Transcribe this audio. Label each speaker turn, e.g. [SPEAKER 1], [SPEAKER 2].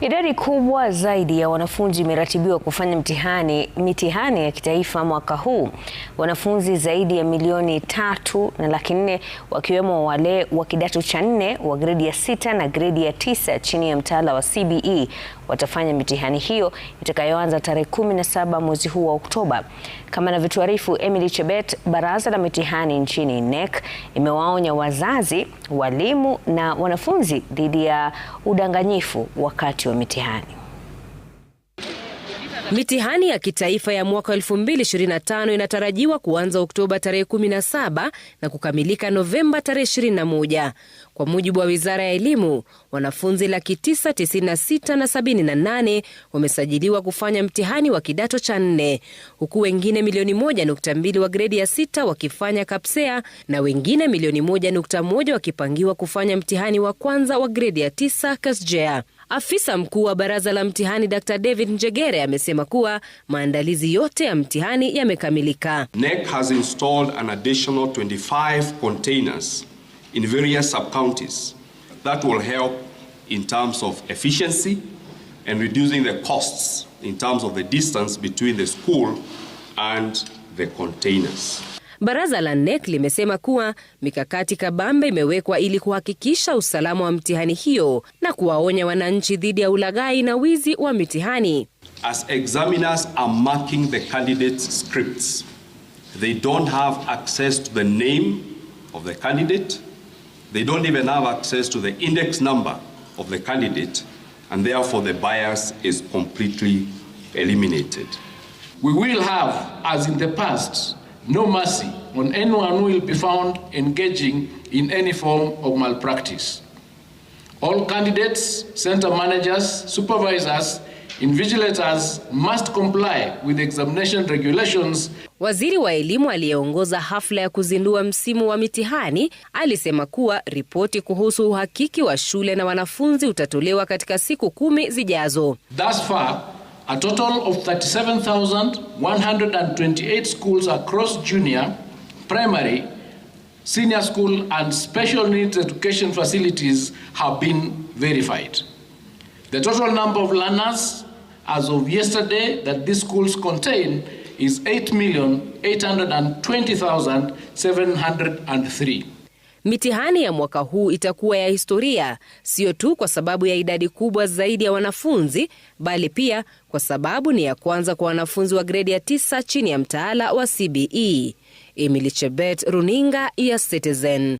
[SPEAKER 1] Idadi kubwa zaidi ya wanafunzi imeratibiwa kufanya mtihani mitihani ya kitaifa mwaka huu, wanafunzi zaidi ya milioni tatu na laki nne wakiwemo wale wa kidato cha nne wa gredi ya sita na gredi ya tisa chini ya mtaala wa CBE watafanya mitihani hiyo itakayoanza tarehe 17 mwezi huu wa Oktoba. Kama anavyotuarifu Emily Chebet, baraza la mitihani nchini NEC imewaonya wazazi, walimu na wanafunzi dhidi ya udanganyifu wakati wa mitihani. Mitihani ya kitaifa ya mwaka 2025 inatarajiwa kuanza Oktoba tarehe 17 na kukamilika Novemba tarehe 21. Kwa mujibu wa Wizara ya Elimu, wanafunzi laki 996 na 78 wamesajiliwa kufanya mtihani wa kidato cha nne, huku wengine milioni 1.2 wa gredi ya 6 wakifanya kapsea na wengine milioni 1.1 wakipangiwa kufanya mtihani wa kwanza wa gredi ya 9 kasjea. Afisa mkuu wa baraza la mtihani Dr David Njegere amesema kuwa maandalizi yote ya mtihani yamekamilika.
[SPEAKER 2] NEC has installed an additional 25 containers in various sub-counties that will help in terms of efficiency and reducing the costs in terms of the distance between the school and the containers.
[SPEAKER 1] Baraza la nek limesema kuwa mikakati kabambe imewekwa ili kuhakikisha usalama wa mtihani hiyo na kuwaonya wananchi dhidi ya ulaghai na wizi wa mitihani.
[SPEAKER 2] As examiners are marking the candidates scripts, they don't have access to the name of the candidate, they don't even have access to the index number of the candidate and therefore the bias is completely eliminated. We will have, as in the past, no mercy on anyone who will be found engaging in any form of malpractice. All candidates, center managers, supervisors, invigilators must comply with examination regulations.
[SPEAKER 1] Waziri wa elimu aliyeongoza hafla ya kuzindua msimu wa mitihani alisema kuwa ripoti kuhusu uhakiki wa shule na wanafunzi utatolewa katika siku kumi zijazo.
[SPEAKER 2] Thus far, A total of 37,128 schools across junior, primary, senior school and special needs education facilities have been verified. The total number of learners as of yesterday that these schools contain is 8,820,703.
[SPEAKER 1] Mitihani ya mwaka huu itakuwa ya historia, sio tu kwa sababu ya idadi kubwa zaidi ya wanafunzi, bali pia kwa sababu ni ya kwanza kwa wanafunzi wa gredi ya tisa chini ya mtaala wa CBE. Emily Chebet, runinga ya Citizen.